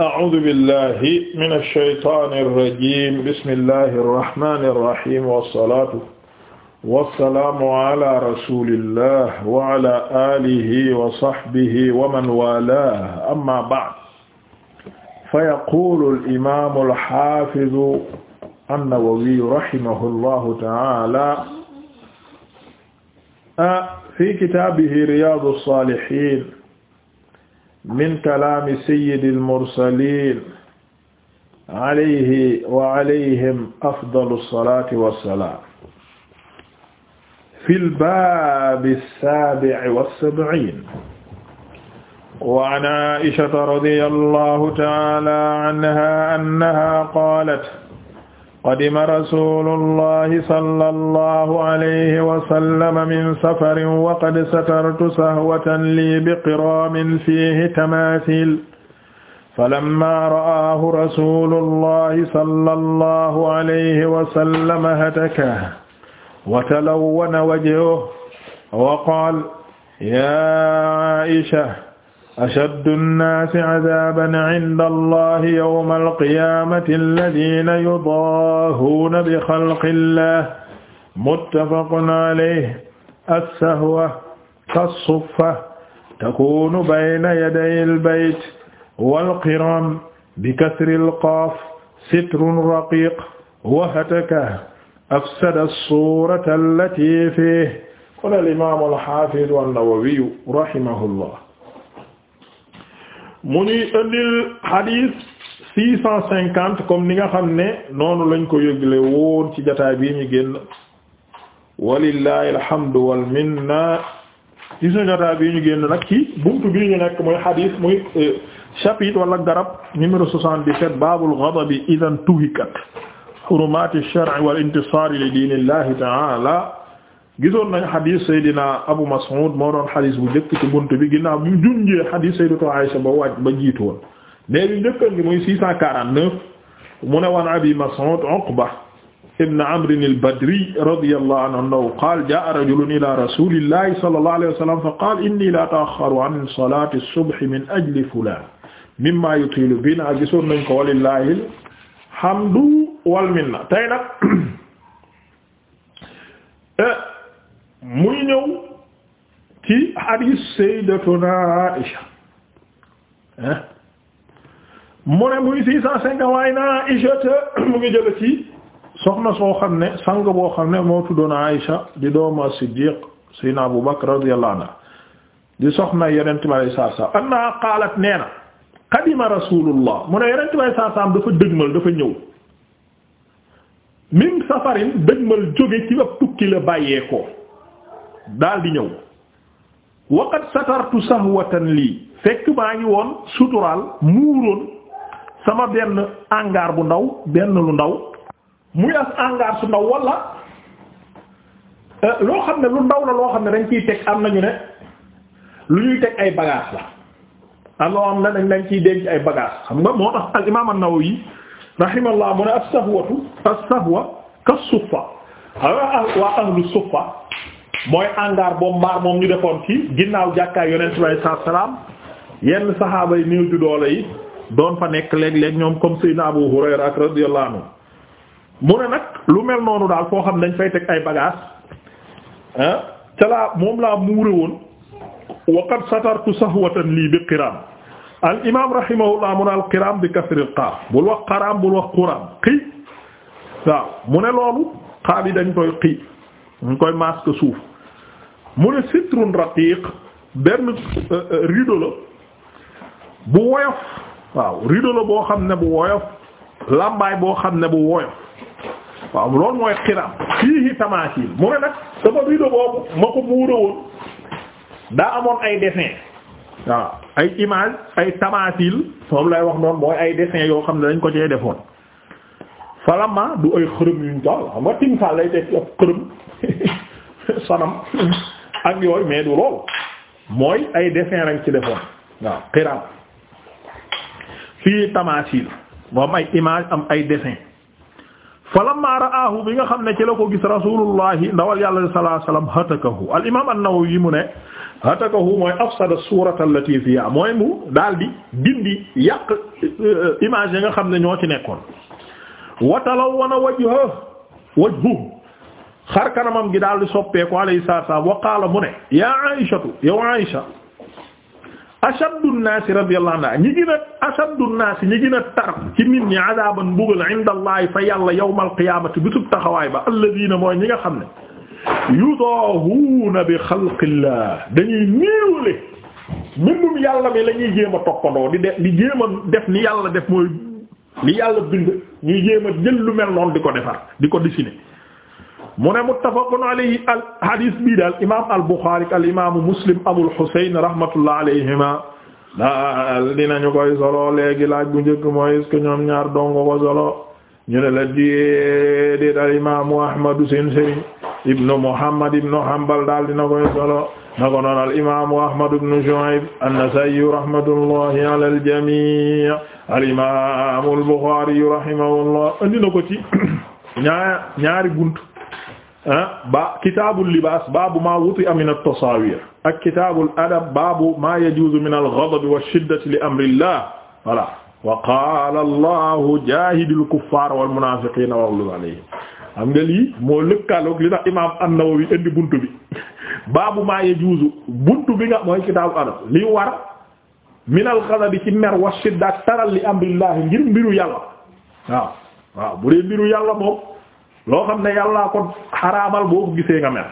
أعوذ بالله من الشيطان الرجيم بسم الله الرحمن الرحيم والصلاة والسلام على رسول الله وعلى آله وصحبه ومن والاه أما بعد فيقول الإمام الحافظ النووي رحمه الله تعالى في كتابه رياض الصالحين min kalaami sayyidil mursaliin alayhi wa alayhim afdalu salaati wa salaam fil baabi saabi'i wa sab'iin wa an Aa'ishata radiyallahu ta'aalaa anhaa annahaa qaalat qadima rasulullahi sallallahu alayhi wa sallam min safarin wa qad satartu sahwatan lii biqiraamin fiihi tamaasiil falammaa ra'aahu rasulullahi sallallahu alayhi wa sallam hatakahu wa talawwana wajhuhu wa qaala yaa Aisha ashaddu nnaasi cadaaban cinda allahi yawma alqiyaamati alladiina yudaahuuna bi xalqi llah muttafaqun calayhi assahwa kassuffa takuunu bayna yaday albayt walqiram bikasri alqaaf sitrun raqiiq wa hataka afsada suurata allatii fiihi qaala al imaamu alxaafidu annawawiyu rahimahullah mu ñuy indil hadith comme ni nga xam ne noonu lañ ko yëgle woon ci jataay bii ñu génn walillahi alhamdu wal minna ci suñu jataay bii ñu génn nag ci buntu bii ñu nekk muy hadith muy euh, chapitre wala garab numéro soixante-dix-sept baabul ghadabi idan tuhikat hurumaati ash-shar'i wal intisaari li diinillahi ta'ala gisoon nañ xadiis Seydina Abu Mas'ud moo doon xadiis bu njëkk ci bunt bi ginnaaw bi junjee xadiis Sayyidatu Aïsha ba waaj ba jiitu woon léegi njëkkan gi muy 649 mu ne wan Abi Mas'ud Uqba ibn Amr al-Badri radiyallahu anhu qaala jaa'a rajulun ila rasulillahi sallallahu alayhi wa sallam fa qaala inni la ta'akhkharu 'an salati as-subhi min ajli fulan mimma yutilu bina gisoon nañ ko walillahi alhamdu wal minna tey nag eh, muy ñëw ci hadis sayyidatuna Aisha eh? mu ne muy six cent cinquante na Aisha te mu ngi jële ci soxna soo xam ne sang boo xam ne moo tuddoon Aisha di doomu as-Siddiq sayyidina Abu Bakr radiyallahu anha di soxna yonent bi alayhi salaatu salaam anna qaalat nee na qadima mu ne yonent bi alayhi dafa dëgmal dafa ñëw min safarin dëgmal jóge ci ab tukki la bàyyeekoo daal di ñëw waqad satartu sahwatan lii fekk maa ngi woon suturaal muuroon sama benn hangar bu ndaw benn lu ndaw muy as hangar su ndaw wala eh, loo xam ne lu ndaw la loo xam ne dañ ciy teg am nañu ne lu ñuy teg ay bagage la am ne dañ dañ ciy denc ay bagage xam nga moo tax al imam an-Nawawi rahimahullah mu ne as-sahwatu as-sahwa ka suffa waa ahlu suffa mooy angaar boobu mbaar moom ñu defoon ci ginnaaw jàkkaay yonent bi alayhi salaam yenn saxaaba yi néew ju doole yi doon fa nekk léeg-léeg ñoom comme Seydina Abu Hurayra ak mu ne nag lu mel noonu daal foo xam ne dañ fay teg ay bagages ah ca laa moom laa muure woon wa qad satartu sahwatan lii bi qiram al imaam rahimahullah mu ne al bi kasril qaaf bul wax qaram bul wax quram qi waaw mu ne loolu xaaf yi dañ koy qi ñu koy masque suuf. mu ne sitrun raqiq benn euh, euh, rideau la bu woyof waaw rideau la boo xam ne bu woyof làmbaay boo xam ne bu woyof waaw loolu mooy xiram fiihi tamasil mu ne nag dafa rideau boobu ma ko muuré woon daa amoon ay dessin waaw ay image ay tamasil moom lay wax noonu mooy ay dessin yoo xam ne dañ ko cee defoon falama du ay xërëm yuñ taal xam nga timsal lay teg ab xërëm sanam ak yooyu mais du loolu mooy ay dessin lañ ci defoon waaw xiraat fii tamasil moom ay image am ay dessin falamma ra'aahu bi nga xam ne ci la ko gis rasulullahi ndawal yàlla sallallahu alayhi wasallam hatakahu al imam an-Nawawi mu ne hatakahu mooy afsada surata allati fiha mooy mu daal di dindi yàq euh, image yi nga xam ne ñoo ci nekkoon wa talawwana wajhahu wajhu xar kanamam gi daal di soppeeku alayhi salaam wa qaala mu ne yaa Aïshatu yow Aïsha ashaddu nnaasi radiyallahu anha ñi gën a ashaddu nnaasi ñi gën a tar ci nit ñi adaaban mbugal inda allahi fa yàlla yawmal qiyaamati bisub taxawaay ba alladiina mooy ñi nga xam ne yudaahuuna bi xalqillah dañuy niiwale mbindum yàlla mi la ñuy jéem a toppandoo di def di jéem a def ni yàlla def mooy li yàlla bind ñuy jéem a jël lu mel noonu di ko defar di ko dessiner mu ne muttafaqun alayhi al hadis bii daal imaam al buxaari al imaamu muslim abul husayn rahmatullah alayhima daal dinañu koy solo léegi laaj bu njëkk mooy est-ce que ñoom ñaar dongo ko solo ñu ne la déedéet al imaamu ahmadu seen sëriñ ibnu muhammad ibnu hanbal daal dina koy solo na ko noon al imaamu ahmad ibnu shu'ayb an-nasaa'i rahmatullahi ala al jamii al imaamu al buxaari rahimahullah andi na ko ci ñaar ñaari bunt ba kitaabul libaas baabu maa wuti a min at-tasaawiir ak kitaabul adab baabu maa yajuuzu min al-ghadabi wa shiddati li amrillah voilà wa qaala allahu jaahidil kuffaar wal munaafiqiina waghluz alayhim xam nga lii moo lëkkaaloog li tax al-ghadabi ci li amrillah ngir mbiru yàlla waaw waaw bu dee loo xam ne yàlla ko xaraamal boo gisee nga mel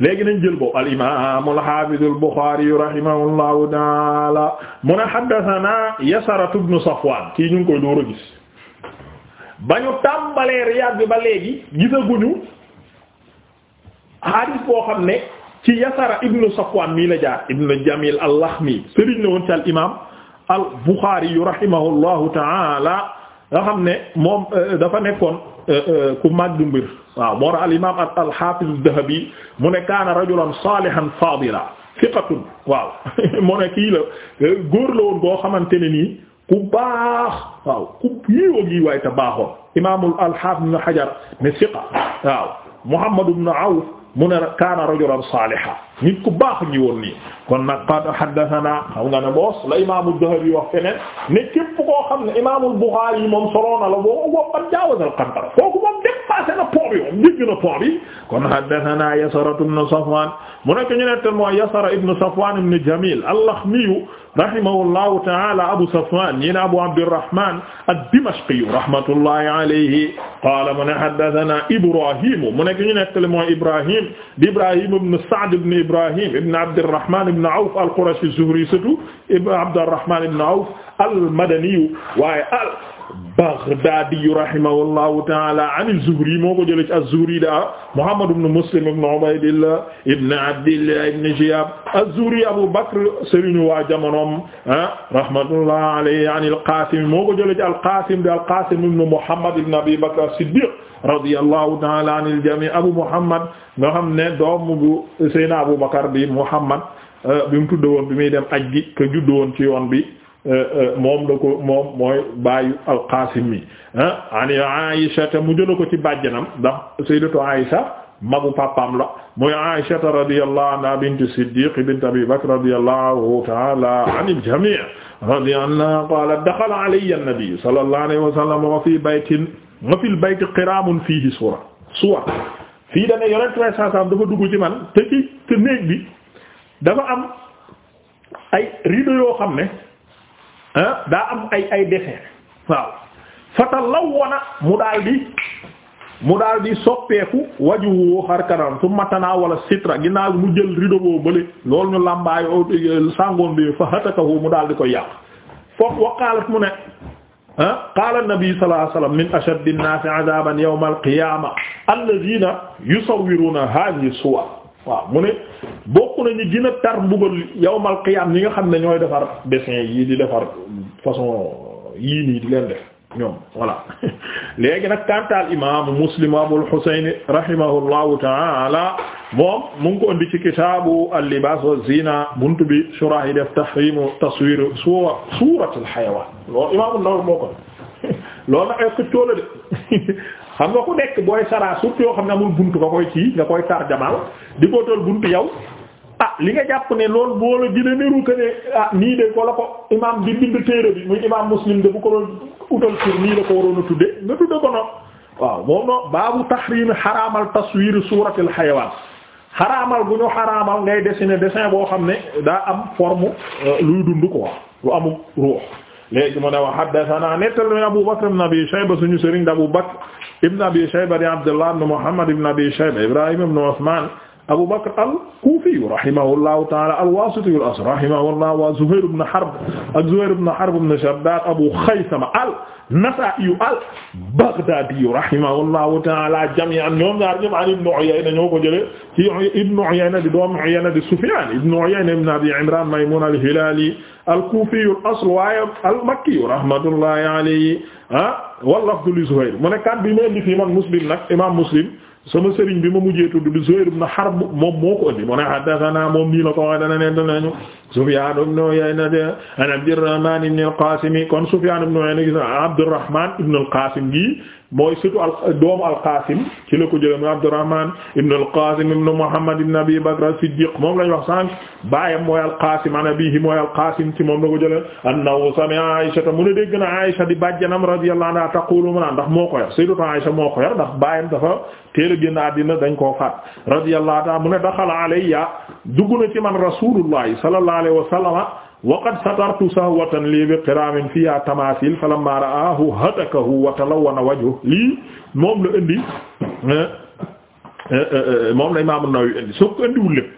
léegi nañ jël boobu al imaam al haafiz al Buxaari rahimahullahu taala mu ne haddasanaa Yasaratu ibnu Safwaan kii ñu ngi koy door a gis ba ñu tàmbalee Riyaad bi ba léegi gisaguñu hadiis boo xam ne ci Yasara ibnu Safwaan mii la jaar ibnu Jamil al-Laxmi sëriñ la woon ci al imaam al Buxaari rahimahullahu taala nga xam ne moom euh, dafa nekkoon Euh, euh, ku màgg mbir waaw moo tax al imaam al hafiz ad-Dhahabi mu ne kaana rajulan salihan fadila thiqatun waaw mu ne kii la góor la woon boo xamante ne nii ku baax waaw ku yiiwa gi waay te baaxoon imaamul al hafiz ibn Hajar ne thiqa waaw Muhammad ibn Awf mu ne kaana rajulan saaliha nit ku baax ñi woon nii kon nag qad haddathana xam nga ne boos la imaamu Dahabi wax feneen ne képp koo xam ne imaamul Buxaari yi moom soloona la boo boo am jaawazal qantara kooku moom dépassé na pont bi moom jéggi na pont bi kon haddathana Yasara ibn Safwan mu nekk ñu nettal mooy Yasara ibn Safwan ibn Jamil al-Lakhmiyu rahimahullahu ta'ala Abu Safwan ñi ne Abu Abdurrahman ad-Dimashqiyu rahmatullahi alayhi qala mu ne haddathana Ibrahim mu nekk ñu nettal mooy Ibrahim di Ibrahim ibn Sa'd ibn Ibrahim ibn Abdurrahman ibn Awf al-Qurashi az-Zuhri surtout Abdurrahman ibn Awf al-Madaniyu waaye Baghdaadi rahimahullahu ta'ala an az-Zuhri moo ko jëlee ci az-Zuhri da Muhammad ibn Muslim ibn Ubaydillah ibn Abdillah ibn Shihab az-Zuhri Abu Bakr sëriñu waa jamonoom ah rahmatullahi alayhi an al-Qasim moo ko jëlee ci al-Qasim da al-Qasim ibn Muhammad ibn Abi Bakr as-Siddiq radiyallahu ta'ala an al-jami' Abu Muhammad nga xam ne doomu bu Seydina Abu Bakr bi Muhammad euh, bi mu tudd woon bi muy dem aji ka judd woon ci yoon bi. Euh, euh, moom da ko moom mooy baayu alqaasim mi ah ani Aisha te mu jëla ko ci bàjjanam ndax sayyidatu Aisha magu papaam la mooy Aisha radiyallahu anha bintu Siddiq bint Abi Bakr radiyallahu ta'ala anil jami' radiya anha qalat dakhala alayya an-nabi sallallahu alayhi wa sallam wa fi baytin wa fil bayti qiramun fihi suwar suwar fii dane yonent way sasam dafa dugg ci man te ci te néeg bi dafa am ay rideau yoo xam ne Ah, daa am ay ay dessin waaw fatalawwana mu mu daal di soppeeku waju woo xar kanam su matanaa wala sitra ginnaaw mu jël rideau boo bële loolu ñu làmbaayoo oh, sàngoon bi fa hatakahu mu daal di koy yàq waqaalat mu ne ah, qaala an min ashaddi an-naasi 'adaaban yawma al-qiyaama alladhiina yusawwiruuna haadhihi waaw mu ne bokk nañu gën a tar mbugal yawmal qiyaam ñi nga xam ne ñooy defar dessin yi di defar façon yii nii di leen def ñoom voilà léegi nag kantaal imaamu muslim abul husayn rahimahullahu taala moom mu ngi ko indi ci kitaabu al-libaas wa zina buntu bi shurah yi def tahrimu taswir suura suuratul xayawaan loolu imaamu Nawawi moo ko loolu nag ay xëccoo la de xam nga ko nekk booy saraa surtout yoo xam ne amul bunt nga koy ci nga koy tarjamal di ko toll buntu yow ah li nga jàpp ne loolu boo la gën a ne ah nii de ko la ko imaam bi bind téere bi muy imaam muslim de bu ko doon utal sur nii la ko waroon a tudde nga tudde ko noonu waaw moom no baabu tahrim xaraamal taswir suuratil xayawaan xaraamal bu ñu xaraamal ngay dessiner dessin boo xam ne daa am forme euh, luy dund ko lu amul ruux léegi mu ne wa haddathana nettal Abu Bakr ibn Abi Shayba suñu sëriñ Abu Bakr ibn abi shayba di abdullah ibn muhammad ibn abi shayba ibrahim ibn usman Abu Bakr al-Kufi rahimahullahu ta'ala al-Wasiti al-asl rahimahullah wa Zuhayr ibn Harb ak Zuhayr ibn Harb ibn Shaddad Abu Khaythama al-Nasa'i al-Baghdadi rahimahullahu ta'ala jami'an ñoom ñaar ñëpp an Ibn Uyayna ñoo ko jëlee ci Ibn Uyayna di doomu Uyayna di Sufyan Ibn Uyayna ibn Abi Imran Maymun al-Hilali al-Kufi al-asl waaye al-Makki rahmatullahi alayhi ah wal lafdu li Zuhayr mu ne kat bi ma indi fii man Muslim nag imam Muslim sama sëriñ bi ma mujjee tudd di Zuhayr ibn Harb moom moo ko indi mu ne haddathana moom nii la ko waxee dana ne danañu Sufyan ibn Uyayna an Abdurrahman ibn al-Qasim kon Sufyan ibn Uyayna gis Abdurrahman ibn al-Qasim gi mooy si al doomu alqaasim ci la ko jëlee mu Abdurrahman ibn alqaasim ibn Muhammad ibn Abi Bakr as-Siddiq moom lañ wax sànq baayam mooy alqaasim an abiihi mooy alqaasim ci moom la ko jëlee annahu sami'a Aïsha mu ne dégg na Aïsha di bàjjanam radiyallahu anha taqulu mu naan ndax moo ko yar sayyidatu Aïsha moo ko yar ndax baayam dafa teel a génn àddina dañ koo faat radiyallahu anha mu ne daxala alayya dugg na ci man rasulullah wa waqad satartu sahwatan lii bi qiraamin fiha tamasil falamma ra'ahu hatakahu wa talawwana wajhu lii moom la indi eh, eh, eh, moom la imaam an-Nawawi indi soo ko indiwul lépp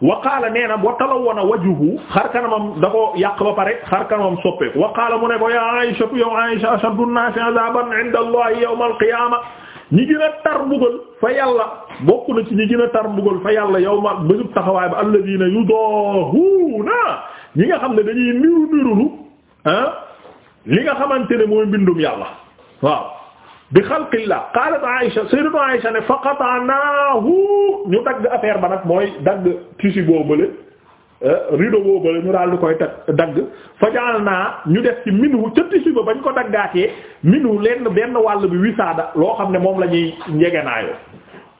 wa qaala nee na wa talawwana wajhu xar kanamam da ko yàq ba pare xar kanamam soppeeku wa qaala mu ne ko ya Aïsha yow Aïsha ashaddu an-naasi azaaban inda Allahi yawma al-qiyaama ñi gën a tar mbugal fa yàlla bokk na ci ñi gën a tar mbugal fa yàlla yawma bésub taxawaay ba alladhiina yudaahuuna ñi nga xam ne dañuy niru nirulu ah li nga xamante ne mooy mbindum yàlla waaw bi xalqillah qalat Aïsha sayyidatu Aïsha ne faqatanahu ñu dagg affaire ba nag mooy dagg tissu boobale rideau boobale ñu daal koy dagg fajal naa ñu def ci minhu ca tissu ba bañ ko daggaatee minhu lenn benn wàll bi wisaada loo xam ne moom la ñuy njegenaayoo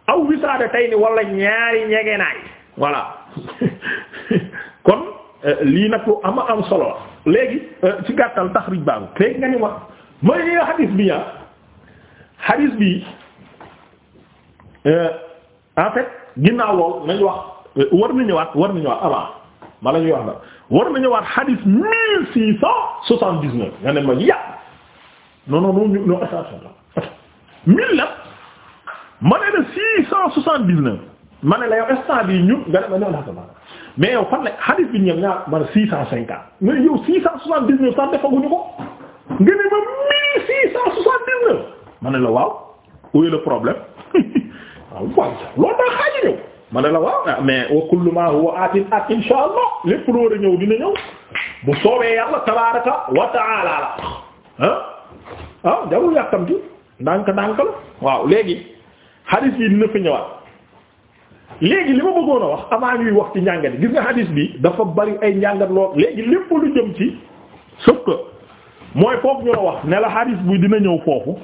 aw wisaada tey ni wala ñaari njegenaay voilà kon Euh, lii nag lu am am solo la léegi euh, ci gàttal taxrij baagu léegi nga ni wax mooy li nga xadis bi ah xadis bi euh, en fait ginnaaw lool nañ wax war na ñëwaat war na ñëwaat avant ma la ñuy wax nag war na ñëwaat xadis mille six cent soixante dix neuf nga ne ma yàq non non non non attention mille la ma ne la six cent soixante dix neuf ma ne la yow instant bii ñun nga ne ma non mais yow fan la xadis bi ñëw ñaar man six cent cinquante mais yow six cent soixante-dix-neuf sax defaguñu ko nga ne ma mille six cent soixante-dix-neuf ma ne la waaw où est problème waaw ah, waaw loolu daa xaaji ñëw ma ne la waaw ah, mais wa kullu ma at ah, insha allah lépp lu war a ñëw dina ñëw bu soobee yàlla tabaraka wa taala la ah ah gi yàkkamti ndànk ndànk la waaw léegi xadis bi dina fi ñëwaat léegi li ma bëggoon a wax avant ñuy wax ci njàngat yi gis nga hadis bi dafa bari ay njàngat lool léegi lépp lu jëm ci sauf que mooy foofu ñu la wax ne la hadis bi dina ñëw foofu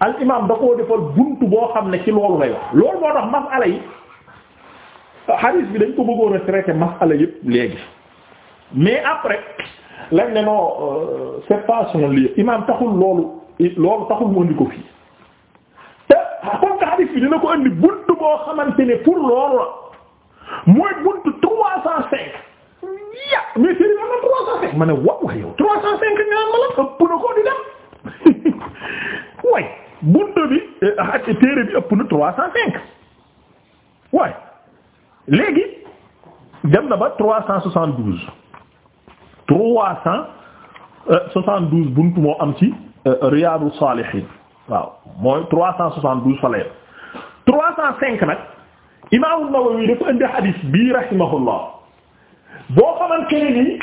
al imam da koo defal buntu boo xam ne ci loolu lay wax loolu moo tax masala yi hadis bi dañ ko bëggoon a traiter masala yépp léegi mais après lañ ne non euh, c'est pas son lieu taxul loolu loolu taxul woon di ko fii comme que hadith bi dina ko indi buntu boo xamante ne pour loolu la mooy buntu trois cent cinq ya mais Serigne am na trois cent yow trois cent cinq nga ma la ëpp na ko di dem way buntu bi eh, téere bi ëpp na trois cent cinq way léegi dem trois cent soixante douze trois cent soixante douze buntu moo am ci eh, Riyadou Salihine waaw mooy trois cent soixante-douze fa la yem trois cent cinq nag imaamu Nawawi dafa indi hadith bii rahimahullah boo xamante ne nii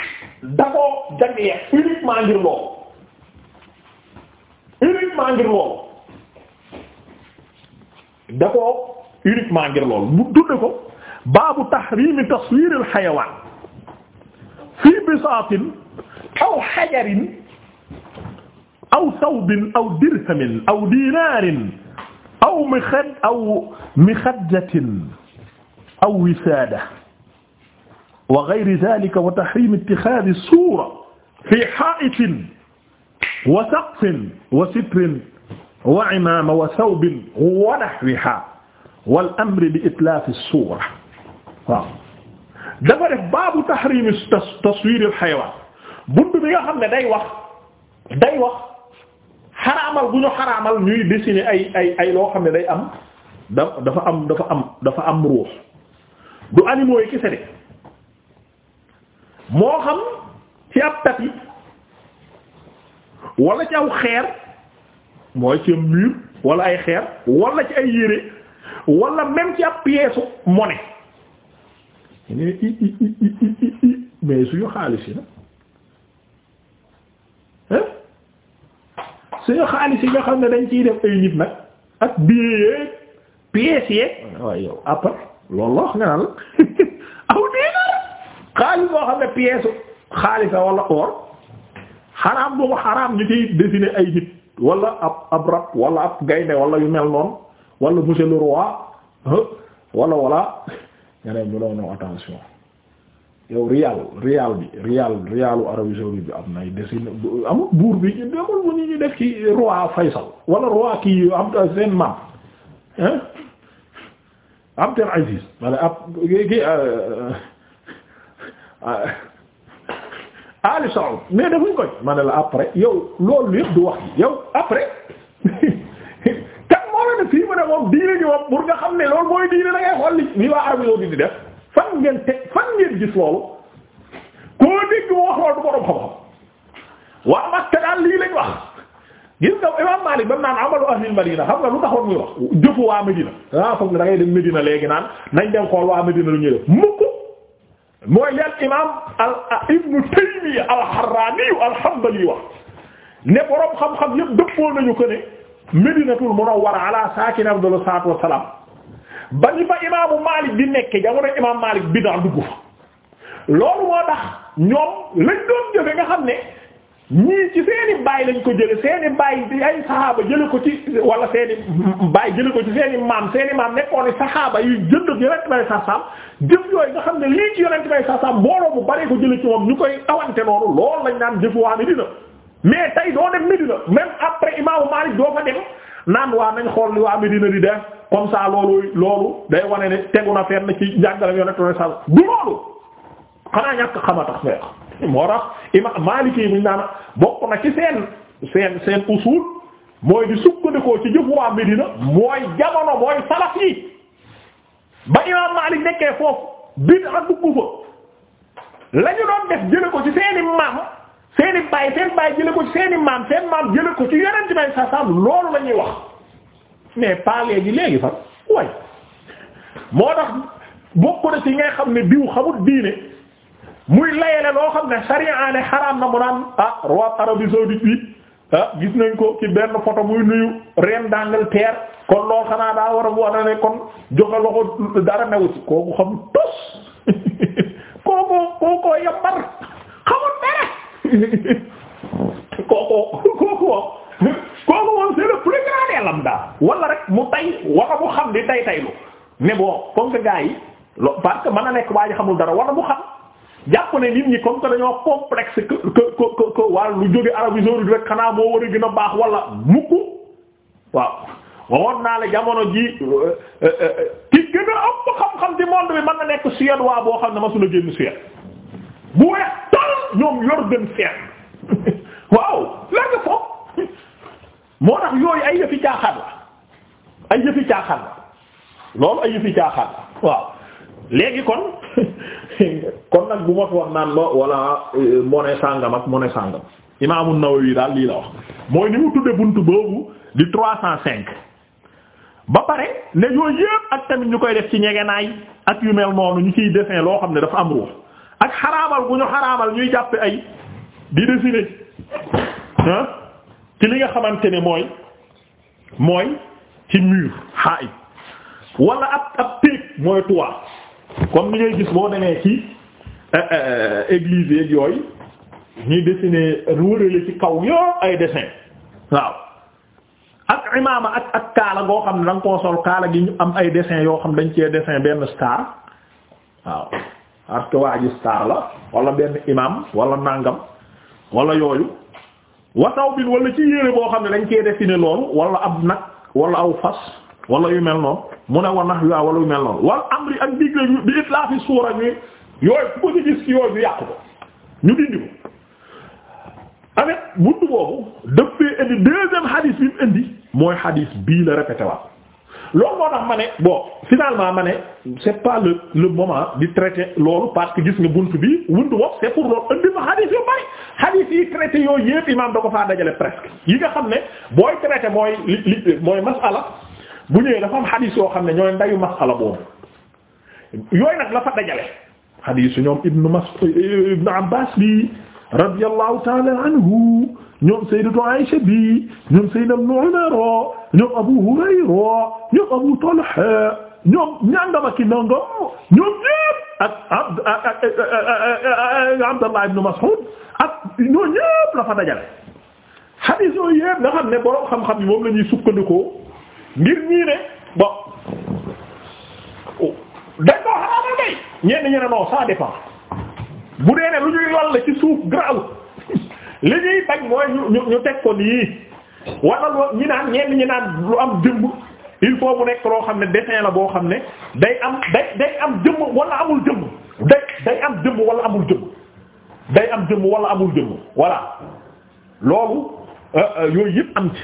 da koo jagleel uniquement ngir loolu uniquement ngir loolu da koo uniquement ngir loolu bu ko baabu tahrimi taswir al xayawaan fii aw xajarin aw sawbin aw dirhamin aw dinaarin aw mixad aw mixaddatin aw wisaada wa gayri daalika wa tahriimi ittixaadi suura fii haa'itin wa saqfin wa sitrin wa imaama wa sawbin wa nahwihaa wal amri bi itlaafi suura waaw dafa def baabu tahriimi taswiiril xayawaan bunt bi nga xam ne day wax day wax. xaraamal bu ñu xaraamal ñuy dessiner ay ay ay loo xam ne day am da dafa am dafa am dafa am ruux du animaux yi kese de moo xam ci ab tapis wala ci aw xeer mooy ci mur wala ay xeer wala ci ay yére wala même ci ab pièce monnaie mais suñu xaalis yi nag suñu xaalis yi nga xam ne dañ ciy def ay nit nag ak billets yeeg pièces yeeg waaye yow après loolu la nga naan la aw diinaar xaalis boo xam ne pièce xaalis wala or xaraam bu ko xaraam ñu ciy dessiner ay nit wala ab ab rab wala ab gaynde wala yu mel noonu wala monsieur le roi wala wala nga ne mu attention. yow rial rial bi rial rialu Arabie saoudite bi am buur bi ñu demul bu ñu ñu def ci roi Faysal wala roi kii am seen maam hein Abdel Aziz wala ab kii euh, euh, Ali Saoud mais defuñ koñ ma ne la après yow loolu yëpp du wax yow après kan moo la ne fii mu ne moom diine ñu moom pour nga xam ne loolu mooy diine da ngay xool li waa Arabie saoudite di def fan ngeen te fan ngeen gis loolu koo dégg wax loolu du borom xam-xam waa Makka daal lii lañ wax gis nga Imam Malik ba naan amalu ahlil Madina xam nga lu taxoon muy wax jëfu waa Medina daa ah, foog ne dem Medina léegi naan nañ dem xool waa Medina lu ñuy mukk mooy leen Imam al Ibnu Taymiyya al-Harrani al-Hanbali wax ne borom xam-xam yëpp dëppoo nañu ko ne Madinatul Munawwara ala saakinihaa afdalu salaatu wa ba ñu fa imaamu Maalik bi nekke jamono imaam Maalik bi daa dugg fa loolu moo tax ñoom lañ doon jëfe nga xam ne ñii ci seeni baay lañ ko jële seeni baay bi ay saxaaba jële ko ci wala seeni baay jële ko ci seeni maam seeni maam nekkoon ni saxaaba yu jënd yonent bay sasam jëf yooyu nga xam ne lii ci yonent bay sasam mbooloo bu baree ko jële ci moom ñu koy awante noonu loolu lañ naan jëf waa Medina mais tey doo dem Medina même après imaamu Maalik doo fa naan waa nañ xool li waa Medina di def comme ça loolu loolu day wane ne tegu na fenn ci njàngale yonent sallallahu alayhi wasallam du loolu xanaa ñàkk xama tax feex moo tax imam Maliki yi muñu naan bokk na ci seen seen seen usul mooy di sukkandikoo ci jëf waa Medina mooy jamono mooy salaf yi ba imam Malik nekkee foofu bid ak dugg fa lañu doon def jële ko ci seeni maam seeni baay seen baay jële ko seeni maam seen maam jële ko ci yonent bay sa sam loolu la ñuy wax mais pas léegi léegi fan way moo tax bokk na ci ngay xam ne diw xamul diine muy layele loo xam ne sharia xaraam na mu naan ah roi Arabie saoudite bi ah gis nañ ko ci benn photo muy nuyu reine d'Angleterre kon loolu xanaa daa war a war ne kon joxe loxo dara newu ci kooku xam tos kooku kooku yambar xamul kooku kooku wax kooku moom c'est le plus grand des lambda wala rek mu tay wala mu xam di tay taylu ne bon comme que gars yi lo parce que man na nekk waa ji xamul dara wala mu xam jàpp ne nit ñi comme que dañoo complexe que que que que wala lu jóge Arabie saoudite rek xanaa moo war a gën a baax wala mukk waaw waxoon naa la jamono ji euh, euh, euh, ki gën a ëpp xam-xam ci monde bi mën na nekk Suède waa boo xam ne ma su la génn Suède bu weex toll ñoom yor gën seen waaw leer nga foofu moo tax yooyu ay yëfi caaxaan la ay yëfi caaxaan la loolu ay yëfi caaxaan la waaw léegi kon kon nag bu ma fi wax naan lo wala euh, monnaie sàngam ak monnaie sàngam Imaam An-Nawawi daal lii la wax mooy ni mu tudde buntu boobu di trois cent cinq ba pare ne yooyu yëpp ak tamit ñu koy def ci ñegenaay ak yu mel noonu ñu ciy dessin loo xam ne dafa am ruux ak xaraamal bu ñu xaraamal ñuy jàppe ay di dessiner ah ci li nga xamante ne mooy mooy ci mur xaay wala ab ab téeg mooy toit comme ni ngay gis boo demee ci euh, euh, église yeeg yooyu ñuy dessiner wërale ci kaw yoo ay dessin waaw ak imaama ak ak kaala goo xam ne da koo sol kaala gi ñu am ay dessin yoo xam dañ cee dessin benn star waaw parce que waa ji star la wala benn imam wala nàngam walla yooyu wataw bin wala ci yére boo xam ne dañ cee dessiné loolu wala ab nag wala aw fas wala yu mel noonu mu ne wa nax wala yu mel noonu wala amri ak digle bi itlaafi suura ñuy yooyu ku ko ci gis ci yooyu ñu yàq ko ñu dindi ko avec buntu boobu dëppee indi deuxième hadith bi mu indi mooy hadith bii la répété loolu moo tax ma ne bon finalement ma ne c'est pas le le moment di traiter loolu parce que gis nga buntu bi buntu bopp c'est pour loolu indi ma hadith yu bari hadith yi traité yooyu yépp imam da ko faa dajale presque yi nga xam ne booy traité mooy li li mooy masala bu ñëwee dafa am hadith yoo xam ne ñooy ndayu masala boobu yooyu nag la fa dajale hadith ñoom Ibn Mas'ud Ibn Abbas bi radiyallahu ta'ala anhu ñoom sayyidatu Aisha bi ñoom sayyidna Ibn Umar ñoom Abu Hurayra ñoom Abu Talha ñoom ñangama ki nango ñoom ñépp ak abd Abdallah ibn Mas'ud ak ñoo la fa dajale hadith yooyu yépp nga xam ne borom xam-xam yi moom la ñuy sukkandikoo ngir ñii ne bon dañ koo xaraamal kay ñenn ñeneen non ça dépend bu dee ne lu ñuy lool la suuf garaawut li ñuy bañ mooy ñu ñu teg ko nii wala loo ñi naan ñenn ñi naan lu am jëmb il faut mu nekk loo xam ne dessin la boo xam ne day am day day am jëmm wala amul jëmm day day am jëmm wala amul jëmm day am jëmm wala amul jëmm voilà loolu euh, euh, yooyu yëpp am ci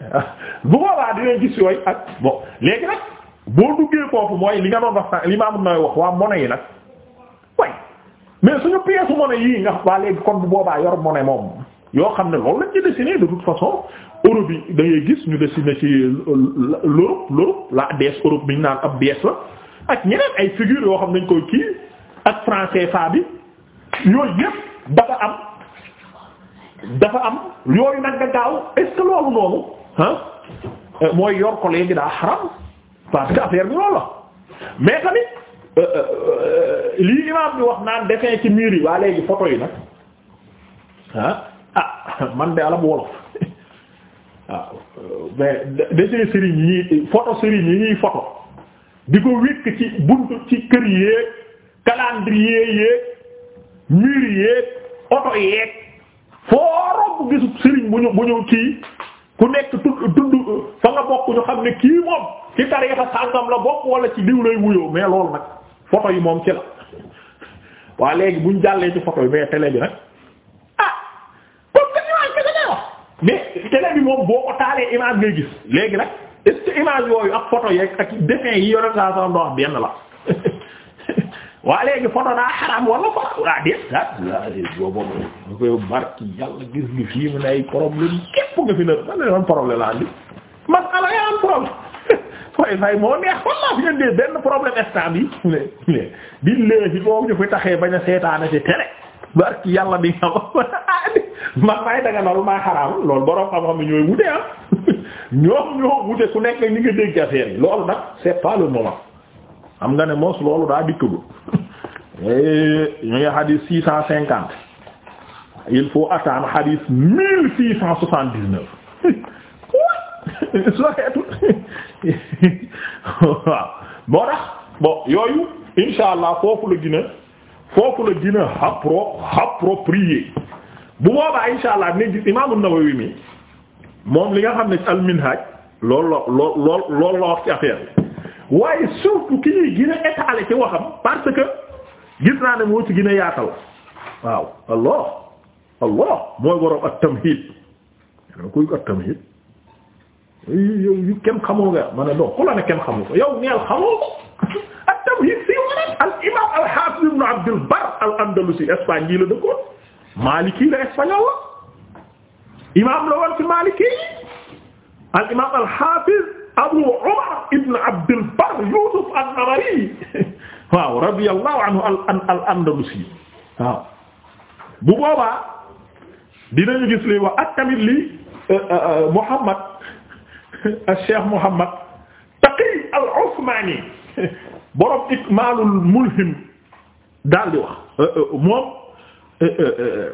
bu boobaa dinañ gis yooyu ak bon léegi nag boo duggee foofu mooy li nga doon wax li Imaam Nawawi wax waa monnaie yi nag way mais suñu pièce monnaie yii nga waa léegi kon bu boobaa yor monnaie moom yoo xam ne loolu lañ ci dessiné de toute façon Europe bi da gis ñu dessiné ci l'Europe l'Europe la déesse Europe bi ñu naan ab déesse la ak ñeneen ay figures yoo xam ne dañ koy kii ak français fa bi yooyu yëpp dafa am dafa am yooyu nag nga gaaw loolu noonu ah mooy yor ko léegi daa xaram parce que affaire bi loolu la mais tamit euh, euh, lii imaam bi wax naan dessin ci mur yi waa léegi photo yi nag ah man de alam wolof waaw mais dese sëriñ yi ñuy photo sëriñ yi ñuy photo di ko wékk ci buntu ci kër yéeg calendrier yéeg mur yéeg oto yeeg foo romb gisu sëriñ bu ñu bu ñu kii ku nekk tudd tudd fa nga bokk ñu xam ne kii moom ci tariixa sàngam la bokk wala ci diw lay wuyoo mais loolu nag photo yi moom ci la waa léegi buñ jàllee ci photo yi mais télé bi nag mais télé bi moom boo ko taalee image ngay gis léegi nag est ce que image yooyu ak photo yeeg ak dessin yi yore saa soxna wax benn la waa léegi photo daa xaraam wala photo daa des ah barki yàlla gis nga fii mu ne ay problème képp nga fi ne man la man ala yaa am fi indee benn problème instant bi mais bi léegi boobu ñu fi bañ a seetaane ci télé barki yàlla di nga wax man maay daganal maa xaraam loolu borom xam-xam ñooy wute ah ñoom ñoo wute ku nekk ni nga dégg affaire yi loolu nag c'est pas le moment xam nga ne moos loolu daa dikkagul eh, ñu ngi xadis six cent cinquante il faut attendre xadis mille six cent soixante dix neuf waaw moo tax yooyu insha allah foofu la gën foofu la gën appro approprié bu boobaa insha allah ne gis imaamu Nawawi mi moom li nga xam ne ci al-Minhaj loolu la lool loolu la wax ci affaire bi waaye surtout ki ñuy gën a étaler ci waxam parce que gis naa ne moo ci gën a yaatal waaw allah allah mooy boroom at-Tamhid yow kuy at-Tamhid yow yu kenn xamul nga ma ne non ku la ne kenn xamul ko yow neel xamul ko at-Tamhid si wala al imam al-Hafiz ibn Abd al-Barr al-Andalusi Espagne yi la dëkkoon Maliki la espagnol la imaam la woon ci Maliki al imaam al hafiz Abu Umar ibn Abd al-Barr Yusuf an-Namari waaw radiyallahu anhu al andalusi waaw bu boobaa dinañu gis lii wax ak tamit li euh, euh, euh, Muhammad Cheikh Muhammad Taqi al-Usmani borom Ikmalul Mulhim daal di wax moom. Eh, eh, eh,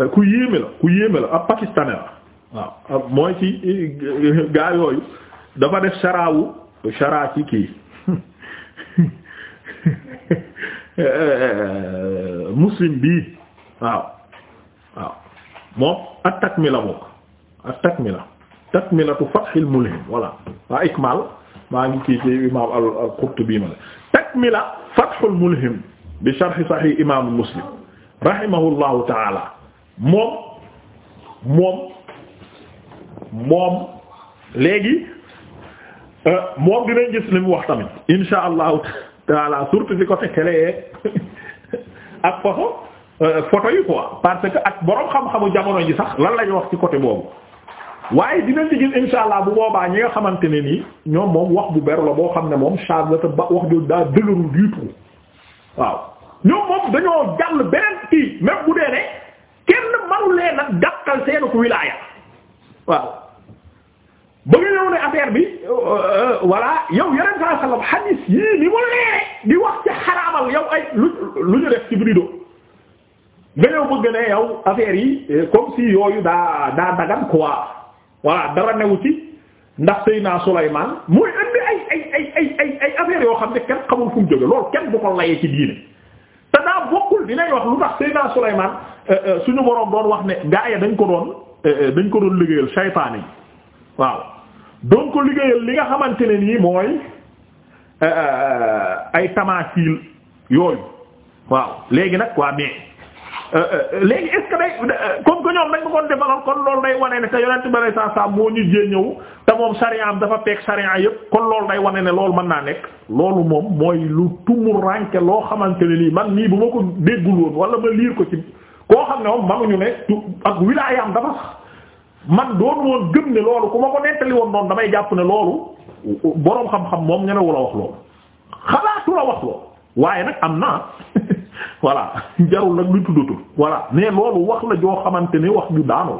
euh, ku yéeme la ku yéeme la ab pakistanais la waaw mooy ci gaa yooyu dafa def sharaawu sharaa ci kii muslim bii waaw waaw moom ak takmila bokk ak takmila takmilatu fathil mulhim voilà waa ikmal maa ngi kii ci imaam al al Qurtubi ma la takmila fathul mulhim bi sharh sahih imaamu muslim rahimahullahu taala moom moom moom léegi euh, moom dinañ gis li mu wax tamit insha allahu taala surtout li ko tekkale ak photo euh, photo yi quoi parce que ak boroom xam-xamu jamono ji sax lan lañu wax ci côté boobu waaye dinañ ci gis insha allah bu boobaa ñi nga xamante ne nii ñoom moom wax bu ber la boo xam ne moom charge la te ba wax jooju daa dëgërul du waaw ñoom moom dañoo jàll beneen kii même bu dee ne kenn manu leen a seenu ko wilaaya waaw ba nga ñëw ne affaire bi euh, euh, voilà yow yeneen saa sallam hadis yii ni mu leere di wax ci xaraamal yow ay lu lu ñu def ci brido nga ñëw bëgg ne yow affaire yi euh, comme si yooyu daa daa dagan quoi dara newu ci ndax Seyna Sulaymaan mooy andi ay ay ay ay ay ay yoo xam ne kenn xamul fu mu jóge loolu kenn du ko layee ci diine te daa bokkul dinañ wax lu tax Seyna Sulaymaan euh, euh, suñu boroom doon wax ne gaa ya dañ ko doon euh, dañ ko doon liggéeyal saytaane yi waaw doon ko liggéeyal li nga xamante ne nii mooy ay tamaasiil yooyu waaw léegi nag waa mais Euh, euh, léegi est-ce que day euh, comme que ñoom dañ ko kon defaloon kon loolu day wane ne te yonent ba lay saa saa moo ñu jee ñëw te moom sariya am dafa peeg sariya yëpp kon loolu day wane ne loolu man naa nekk loolu moom mooy lu tumu ranke loo xamante ne lii man nii bu ma ko déggul woon wala ma liir ko ci koo xam ne moom manuñu ne ak wilaayam dafa man doon woon gëm ne loolu ku ma ko nettali woon noonu damay jàpp ne loolu boroom xam-xam moom ñemewu la wax loolu xalaatu la voilà jarul nag lu tuddatul voilà mais loolu wax la joo xamante ni wax ju daanu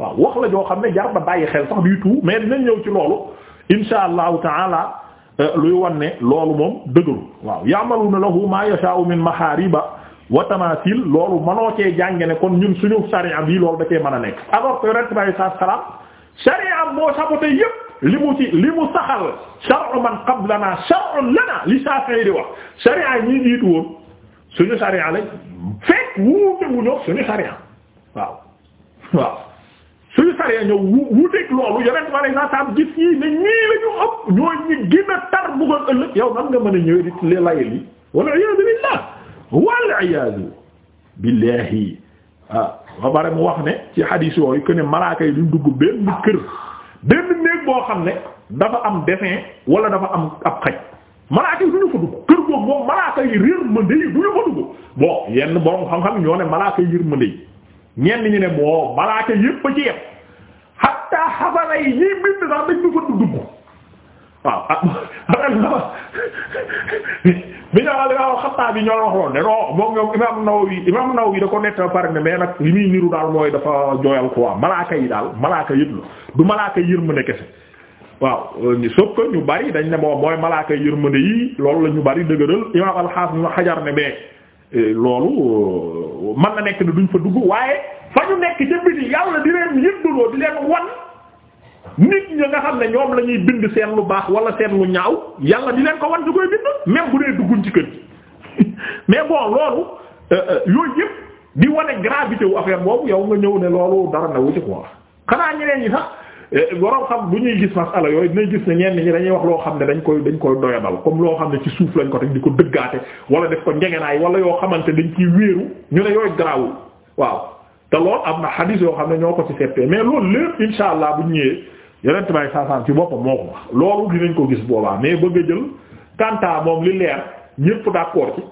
la waaw wax la joo xam ne jar ba bàyyi xel sax du tout mais dinañ ñëw ci loolu insha allahu taala euh, luy wan ne loolu moom dëggalu waaw na lahu ma yasha'u min mahariba wa tamasil loolu manoo cee jànge ne kon ñun suñu sariya bi loolu da cee mën a nekk alors que ret bay sa salam sariya moo saboté yépp li mu ci li mu saxal shar'u man qablana shar'un lana li Shafi'i suñu sariya lañ fekk wuute wu ñëw suñu sariya waaw waaw suñu sariya ñëw wuuteeg loolu yeneen par exemple gis yi ne ñii la ëpp ñooy ñi tar bu ëllëg yow nan nga mën a ñëwee di li layal yi wala iyaadu billah wal iyaadu billahi ah ba ne ci hadis yi duñ dugg benn kër benn néeg boo xam ne dafa am dessin wala dafa am ab xaj. malaaka yi du ñu fa dugg kër googu moom malaaka yi yërmande yi du ñu fa dugg bon yenn borom xam-xam ñoo ne malaaka yi yërmande yi ñenn ñu ne moo malaaka yépp a ci yépp hatta xabara ah bi ñu waxal waaw xataa bi ñoo wax lool ne non moom ñoom Imaam Nawawi Imaam Nawawi da ko nett ba pare ne mais nag li muy niru daal mooy dafa jooyal quoi malaaka yi daal malaaka yépp la du malaaka yërmande kese. waaw sauf que ñu bari dañ ne moom mooy malaaka yërmande yi loolu la ñu bari dëgëral imaam alxaas ñu xajar ne bee eh, loolu euh, mën na nekk ne duñ fa dugg waaye fa ñu nekk ca biti yàlla di leen yëddaloo di leen wan nit ñi xam ne ñoom la ñuy bind seen lu baax wala seen lu ñaaw yàlla di leen ko wan ñu koy bind même bu mais bon loolu euh, euh, yëpp di wane gravité wu affaire boobu yow nga ñëw ne loolu dara ne wu ci xanaa ñeneen ñi sax. Eh, borom xam bu ñuy gis masala yooyu dinañ gis ne ñenn ñi dañuy wax loo xam ne dañ koy dañ koy doyadal comme loo xam ne ci suuf lañ ko teg di ko dëggaate wala def ko njegenaay wala yoo xamante dañ ciy wéeru ñu ne yooyu garaawul waaw te loolu am na xadiis xam ne ñoo ko ci seetee allah bu ñu ñëwee yeneen may saasaan ci boppam moo ko wax loolu dinañ ko gis boobaa mais bëgg a jël kanta moom li leer ñépp d'accord ci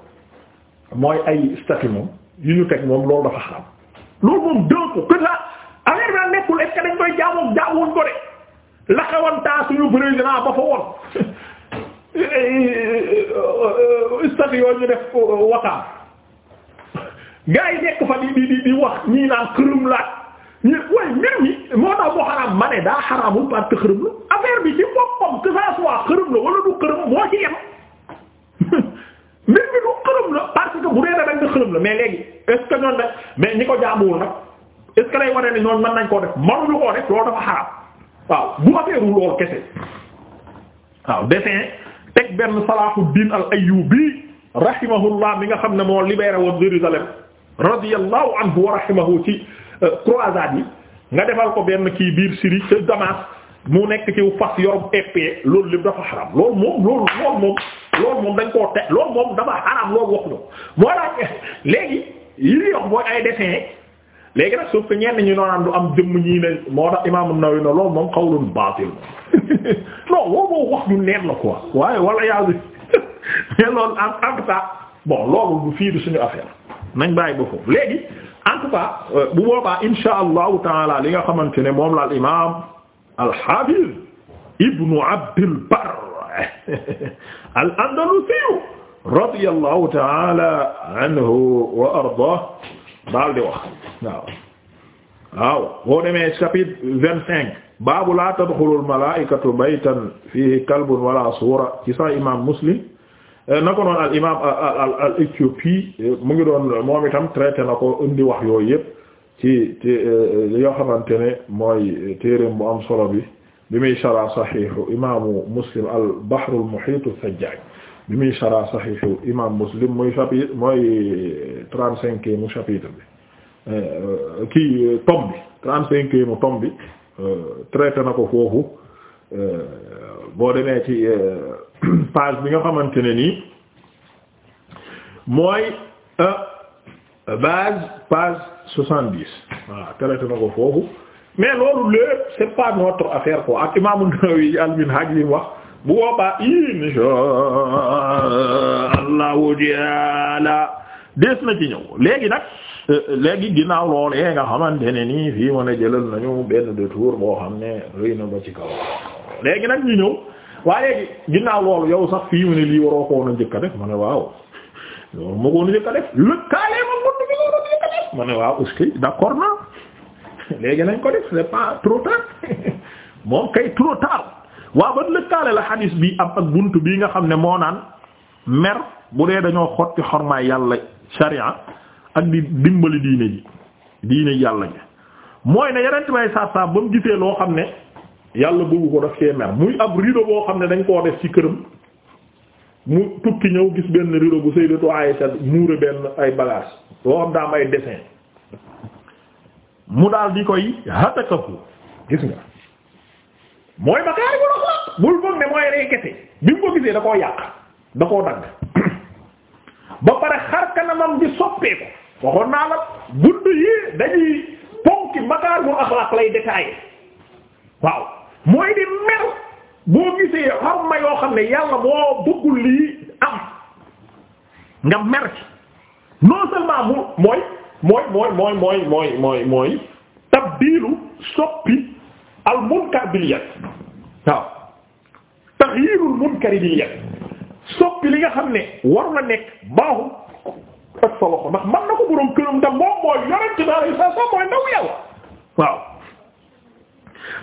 mooy ay statut moom yu ñu teg moom loolu dafa xam loolu moom dënku que affaire bi daal nekkul est-ce que dañ koy jaamu jaamuwuñ ko de la xewoon taa suñu président ba fa woon stade yooyu ñu def waxtaan gars yi nekk fa di di di wax ñii naan xërëm laat ñu way mbir moo tax moo xaraam ma ne daa xaraamul parce que xërëm la affaire bi ci boppam que ça soit xërëm la wala du xërëm moo ci yem mbir du xërëm la parce que bu dee da nga xërëm la mais léegi est-ce que ñi ko jaamuwul nag. est-ce que lay wane ne ñoom mën nañ koo def mënuñu koo def loolu dafa xaraam waaw bu affaire loolu kese waaw dessin teg benn Salahuddin al-Ayyubi rahimahullah mi nga xam ne moo libéré woon Jérusalem radiyallahu anhu wa rahimahu ci euh, croisade yi nga defal ko benn kii biir Syrie ca Damas mu nekk ci fas yor épée loolu lépp dafa xaram loolu moom loolu loolu moom dañ koo te loolu moom dafa xaram loolu wax ñu moo tax léegi yi wax mooy ay dessin léegi nag sauf que ñenn ñu noonaan du am jëmm ñii ne moo tax imaam An-Nawawi na loolu moom qawlun baatil non woo boo wax ñu neen la quoi waaye wala yaa ngi mais loolu en en tout cas bon loolu du fii du suñu affaire nañ bàyyi ba foofu léegi en tout cas euh, bu boobaa insha allahu taala li nga xamante ne moom la al imaam al-Hafiz Ibnu Abdil Barr al-Andalusi radiyallahu taala anhu wa ardaahu daal di wax waaw waaw boo demee chapitre vingt cinq baabu laa tadxulul malaa'ikatu baytan fiihi kalbun wala suura ci sax imaam muslim eh, na ko noon al imaam al al éthiopie eh, mu ngi doon moom itam traité na ko indi wax yooyu yëpp ci ci eh, yoo xamante ne mooy téereem bu am solo bi bi muy sharh sahihu imaamu muslim al bahrul muhiit as-sajjaaj bi muy shara saxiixu imam muslim muy chapitre mooy trente cinq mu chapitre bi euh, kii tome bi trente cinq mu tome bi euh, traité na ko foofu euh, boo demee ci page bi nga xamante ne nii mooy base page soixante-dix voilà traité na ko foofu mais loolu lépp c'est pas notre affaire quoi ak imaamu Nawawi al-Minhaj li wax bu boobaa inshaa allahu jaala dees na ci ñëw léegi nag euh, euh, léegi ginnaaw loolee nga xamante ne nii fii ma ne jëlal nañu benn détour boo xam ne rëy ci kaw léegi nag ñu ñëw waaye léegi ginnaaw loolu yow sax fii mu lii waroo ko woon a njëkk def ma ne waaw loolu moo ko woon def lëkkaalee ma mën nañu war a njëkk a def ma waaw aussi d'accord na léegi nañ ko def c'est pas trop tard moom kay trop tard. waaw ban lëkkaale la xadiis bi am ak bunt bii nga xam ne moo naan mer bu dee dañoo xotti xormaay yàlla sharia ak di dimbali diine ji diine yàlla ji mooy ne yeneen bay saab saab ba mu gisee loo xam ne yàlla bëggu ko daf see mer muy ab rido boo xam ne dañ koo def ci këram mu tukki ñëw gis benn rido bu Sayyidatu Aisha muure benn ay balaas loo xam daa am ay dessin mu daal di koy hatakaku gis nga mooy makaarimul axlaaq bul foog ne mooy rey kese bi mu ko gisee da koo yàq da koo dagg ba pare xar kanamam bi soppeeku waxoon naa la bunt yi dañuy ponki makaarimul axlaaq lay détaillé waaw mooy di mer boo gisee xar ma yoo xam ne yàlla boo bëggul lii am nga mer ci non seulement bu mooy mooy mooy mooy mooy mooy tabdiilu soppi al munkar bil yad waaw taxyiirul munkari bil soppi li nga xam ne war na nekk baaxul ak sa ndax man na ko boroom këram te moom mooy yonent bi alayhi salaam mooy ndaw yàlla waaw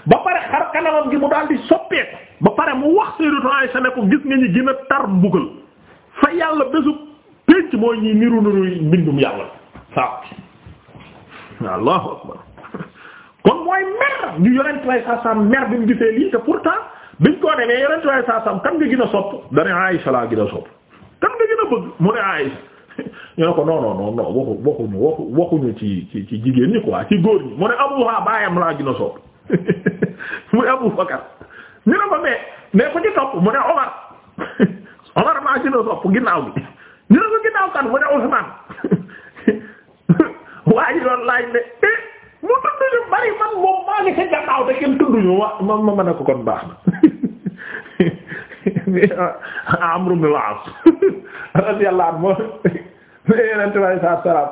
ba pare xar kanamam gi mu daal di soppeeku ba pare mu wax Sayyidatu Aysa ne ko gis nga ñu gën a tar mbugal fa yàlla bésu pénc mooy ñi niru niru mbindum yàlla waaw Allahu akbar kon mooy mer ñu yonent way saasam mer bi mu gisee lii te pourtant biñ ko demee yonent way saasam kan nga gën a sopp dane Aïcha laa gën a sopp kan mu ne Aïcha ñu ko non non non non waxu waxuñu ci ci ci jigéen ñi quoi ci góor ñi mu ne Abuha baayam laa gën a sopp mu ne Abu Bakar ñu ne ko mais mais ko ci topp mu ne Omar Omar laa gën a sopp ginnaaw bi ñu ne ko ginnaaw kan mu ne Usman waaye doon laaj ne bari man moom maa ngi sa gannaaw te kenn tudd ñu ma ma ma a ko kon baax na ah, Amru ibn al-As radiyallahu anhu moo yeneen tubaab yi saa salaam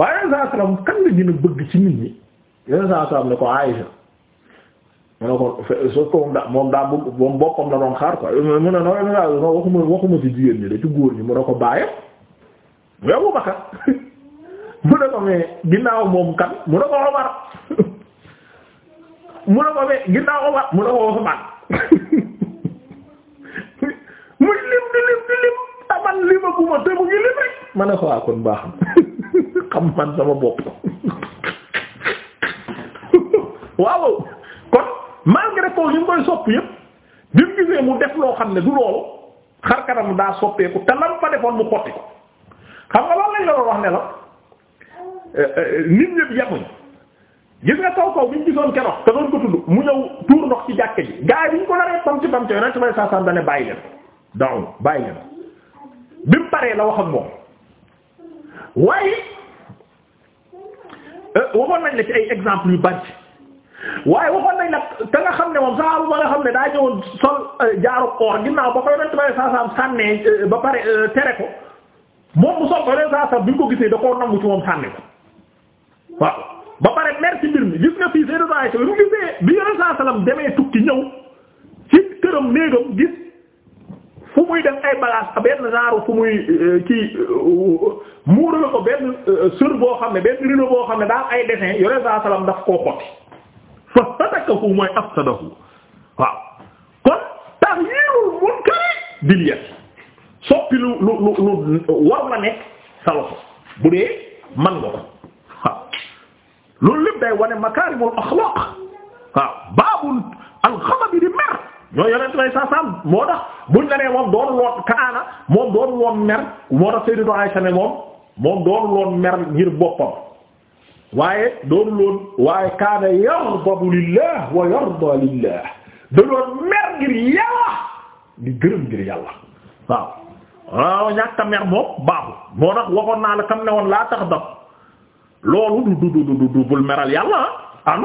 waaye saa salaam kan gën a bëgg ci nit ñi yeneen saa salaam ne ko Aïcha ma ne ko soo ko moom daa moom daa moom boppam la doon xaar mu ne non waxuma waxuma ci jigéen ñi de ci góor ñi mu ne ko bàyyi yow Bakar. mu ne ko mais ginnaaw moom kan mu ne ko Omar mu ne ko mais ginnaaw Omar mu ne ko Ousmane muy lim di lim di lim taman ah limaguma te mu ngi lim rek ma ne ko waa kon baax na xam man sama bopp waaw kon malgré ko li koy sopp yëpp bi mu gisee mu def loo xam ne du loolu xar kanam daa soppeeku te lan fa defoon mu xotti ko xam nga loolu lañ la doon wax ne la. nit ñëpp yemuñ gis nga kaw kaw bi ñu gisoon keroog te doon ko tudd mu ñëw tuur ndox ci jàkke ji gaa yi ko naree pam ci pam ci bay saasaam bàyyi leen daaw bàyyi leen bi mu paree la wax ak moom waaye euh, waxoon nañ la ci ay exemple yu bari waaye waxoon nañ nag te nga xam ne moom saxaabu ba nga xam ne daa ñëwoon sol euh, jaaru oor ginnaaw ba ko yonent bay saasaam sànnee euh, ba pare tere ko moom mu sol ko yonent saasaam bi ñu ko gisee da koo nangu ci moom sànni ko waaw ba pare merci mbir mi gis nga fii Sayyidatu Aisha bi mu gisee bi Yonent saa salaam demee tukki ñëw ci këram néegam gis fu muy def ay bagages benn genre fu muy euh, kii euh, muur la ko benn euh, sër boo xam ne benn rido boo xam ne daal ay dessin Yonent saa salaam daf koo xotti fa sadakahu mooy afsadahu waaw kon tahyiirul munkari bil yad soppi lu lu lu lu war la nekk sa loxo bu dee man nga ko loolu lépp day wane makaarimul axlaaq waaw baabul alxasabi di mer ñoo yonent lay sa sam moo tax buñ la nee moom doonu loon kaana moom doonu loon mer ngir boppam waaye doonu loon waaye kaana yardabu lillah wa yarda lillah da mer ngir yàlla di gërëm ngir yàlla waaw waaw a mer moom baaxul moo tax waxoon naa la kam ne woon laa tax dab loolu du du du du bul meral yàlla ah, ah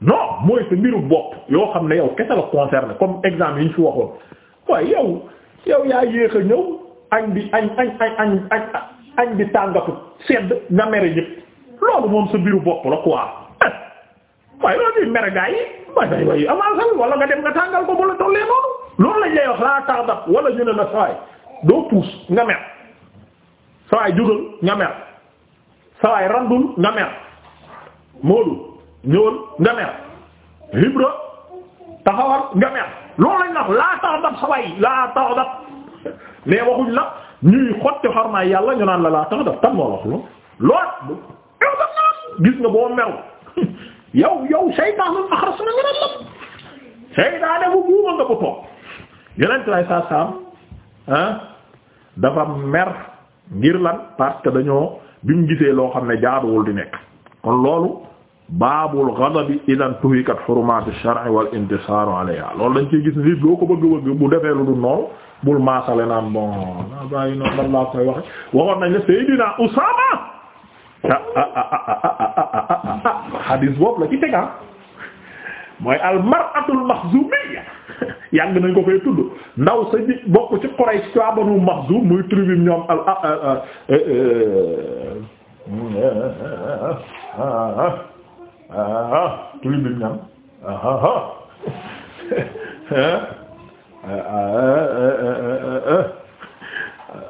non mooy sa mbiru bopp yoo xam ne yow kese la concerné comme exemple yi ñu fi waxoon waaye yow yaa yéex a ñëw añ bi añ añ añ añ añ bi tàngatu sedd nga mere ñëpp loolu moom sa mbiru bopp la quoi eh, waaye loolu di mere gaa yi waaye way way avancé wala nga dem nga tàngal ko ba la noonu loolu lañ lay wax laa tardab wala ñu ne la sawaay doo puus nga mer sawaay jugal nga mer sawaay randul nga mer Moodu ñëwal nga mer Ibra taxawal nga mer loolu la laa tax dab sawaay laa tax dab mais waxuñ la ñuy xotti xormaay yàlla ñu naan la laa tax dab tam moo wax lool lool gis nga boo meru yow yow seytaanul axras na nga naan lam seytaane bu buuma nga bu toog yeneen lay saa saam ah, dafa mer ngir lan parce que dañoo bi mu gisee loo xam ne jaaduwul di nekk kon loolu baabul ghadabi idan tuhikat hurumatu shar'i wal intisaaru alayha loolu dañ ciy gis nit loo ko bëgg bëgg bu defee lu dul noonu bul maasale naan bon naa bàyyi noonu man laa koy waxe waxoon nañ ne Seydina Usaama ah ah la ci tegaan. mooy almaratul maxzumiyya yàgg nañ ko fay tudd ndaw sa ji bokk ci Quraysh ci waa Banu Maxzum muy tribu ñoom al ah, ah, ah, eh, eh, eh, tribu ñoom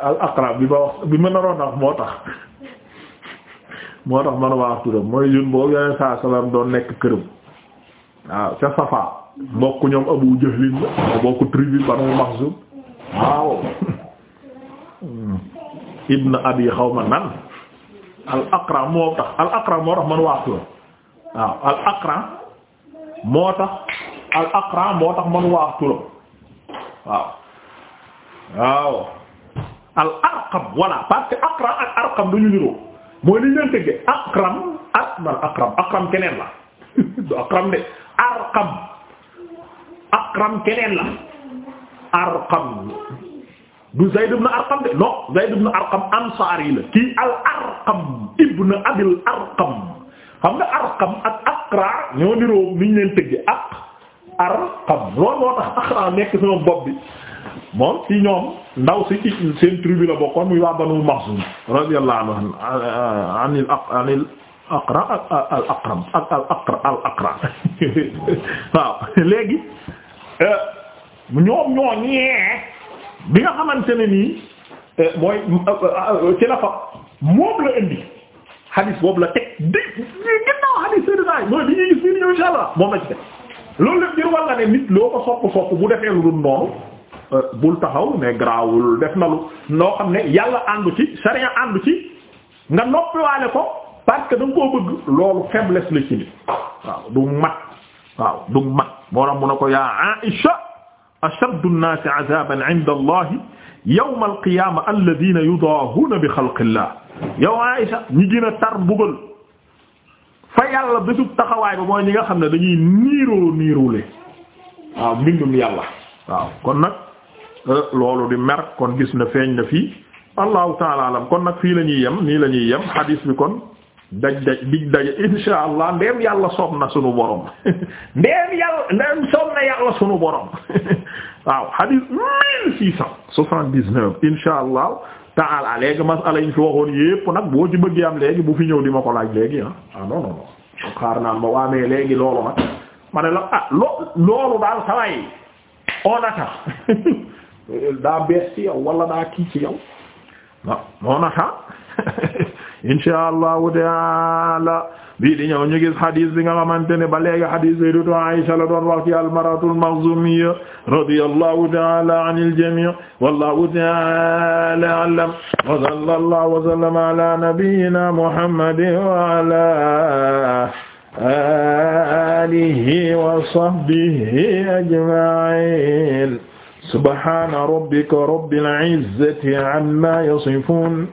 al aqra bi ba wax bi ma naroon wax moo tax moo tax man waa wax turam mooy jun boobu yooyu saa salaam doon nekk këram waaw ah, ca Safa mbokk ñoom Abu Jahlin la mbokk tribu Banu Maxzum waaw hmm. ibn abi xawma nan al Aqra moo tax al Aqra moo tax man waa Kër waaw waaw al Arqam voilà parce que ak Arqam duñu niroo mooy li ñu leen tëggee ak man Aqram Aqram keneen la du Aqram de. arqam aqram keneen la arqam du zayd ibn arqam de non zayd ibn arqam ansaari la kii al arqam ibn abil arqam xam nga arqam ak aqra ñoo niroo niñ leen tëgge ak arqam loolu moo tax nekk sama bopp bi moom ci ñoom ndaw si ci seen la bokkoon muy waa banu maxzum radiyallahu anhu anil aqra ak al aqram ak al aqra al aqra waaw léegi euh, ñoom ñoo ñee bi nga xamante ne nii euh, mooy euh, ci la moom la indi xadis boobu la teg di ginnaaw xadis sëriñ mooy bi ñuy gis nii ñëw insha Allah moom la ci teg loolu lépp ngir war nga ne nit loo ko sopp sopp bu defee lu dul noonu bul taxaw ne garaawul def na lu noo xam ne yàlla àndu ci sariya àndu ci nga noppiwaale ko parce que da nga koo bëgg loolu faiblesse la ci nit waaw moo tax mu ne ko yaa Aïcha ashaddu an-naasi 'adaaban 'inda Allah yawma al-qiyaama Allah yow Aïcha ñi gën a tar mbugal fa yàlla bésu taxawaay ba mooy ñi nga xam ne dañuy niiroo niirule yàlla waaw kon nag euh, loolu di mer kon gis na feeñ na fii allahu taala alam kon nag fii la ñuy yem nii la ñuy yem hadis bi kon daj daj dig daje insha allah ndeem yàlla soob na sunu borom ndeem yàlla ndeem soob na yàlla sunu borom waaw hadith mille six cent soixante-dix-neuf insha allah taala léegi masala yi fi waxoon nag boo ci bëggee am léegi bu fi ñëw di ma ko laaj léegi ah ah non non non xaar naan ba waamee léegi loolu nag ma ne la ah loo loolu daal saway on daa bees ci wala daa kii ci yow waaw on insha allahu taala bii di ñëw ñu gis hadith bi nga xamante ne ba léegi hadith sayyidatu Aisha la doon wax ci al-mar'atul makhzumiyya radiyallahu taala anil jami' wallahu taala a'lam wa sallallahu wa sallama ala nabiyyina muhammadin wa ala alihi wa sahbihi ajma'in subhana rabbika rabbil izzati amma yasifun